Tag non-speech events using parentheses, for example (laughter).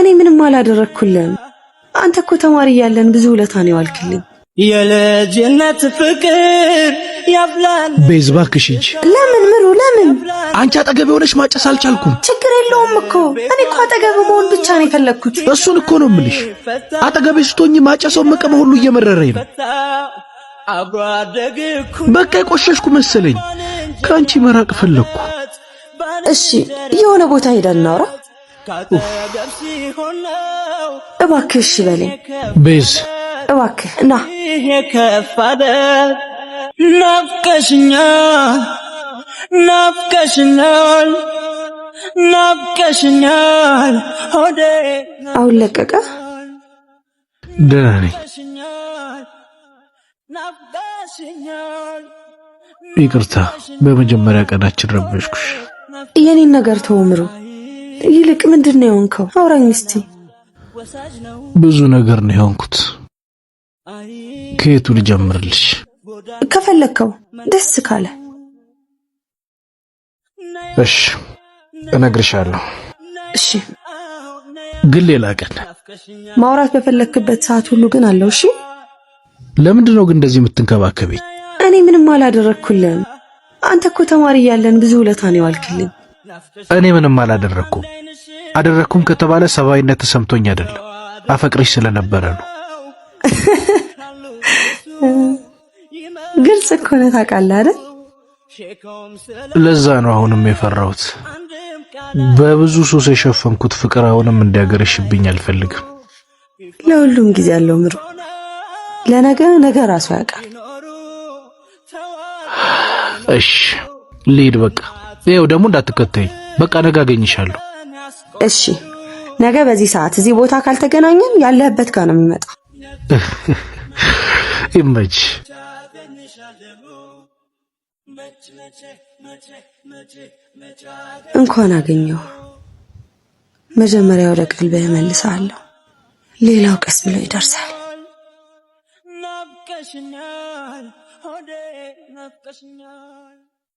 እኔ ምንም አላደረግኩልህም። አንተ እኮ ተማሪ እያለን ብዙ ውለታ ነው የዋልክልኝ። የልጅነት ፍቅር ያብላል። ቤዛ እባክሽ ሂጂ። ለምን ምሩ? ለምን አንቺ አጠገብ የሆነች ማጨስ አልቻልኩም። ችግር የለውም እኮ እኔ እኮ አጠገብ መሆን ብቻ ነው የፈለግኩት። እሱን እኮ ነው የምልሽ። አጠገብ ስቶኝ ማጨሰው መቀመ ሁሉ እየመረረኝ ነው። በቃ የቆሸሽኩ መሰለኝ። ከአንቺ መራቅ ፈለግኩ። እሺ የሆነ ቦታ ሄደን እናውራ። እባክህ እሺ በለኝ። ቤዝ እባክህ ና የከፋደ ናፍቀሽኛል፣ ናፍቀሽኛል፣ ናፍቀሽኛል። ሆዴ አሁን ለቀቀ። ደህና ነኝ። ይቅርታ በመጀመሪያ ቀናችን ረበሽኩሽ። የኔን ነገር ተው ምሩ ይልቅ ምንድን ነው የሆንከው? አውራኝ እስቲ። ብዙ ነገር ነው የሆንኩት። ከየቱ ልጀምርልሽ? ከፈለግከው ደስ ካለ እሺ፣ እነግርሻለሁ። እሺ፣ ግን ሌላ ቀን ማውራት በፈለክበት ሰዓት ሁሉ ግን አለው። እሺ። ለምንድን ነው ግን እንደዚህ የምትንከባከበኝ? እኔ ምንም አላደረግኩልህም። አንተ እኮ ተማሪ እያለን ብዙ ውለታ ነው የዋልክልኝ። እኔ ምንም አላደረግኩም። አደረግኩም ከተባለ ሰብአዊነት ተሰምቶኝ አይደለም፣ አፈቅርሽ ስለነበረ ነው። ግልጽ እኮ ነው፣ ታውቃለህ አይደል? ለዛ ነው አሁንም የፈራሁት። በብዙ ሱስ የሸፈንኩት ፍቅር አሁንም እንዲያገረሽብኝ አልፈልግም። ለሁሉም ጊዜ አለው ምሩ። ለነገ ነገ ራሱ ያውቃል። እሺ ልሂድ በቃ። ይኸው ደግሞ እንዳትከተይኝ በቃ ነገ አገኝሻለሁ። እሺ፣ ነገ በዚህ ሰዓት እዚህ ቦታ ካልተገናኘን ያለህበት ጋር ነው የሚመጣ (laughs) ይመች። እንኳን አገኘው። መጀመሪያ ወደ ቀልብህ እመልስሃለሁ፣ ሌላው ቀስ ብሎ ይደርሳል። ናፍቀሽኛል ሆዴ ናፍቀሽኛል።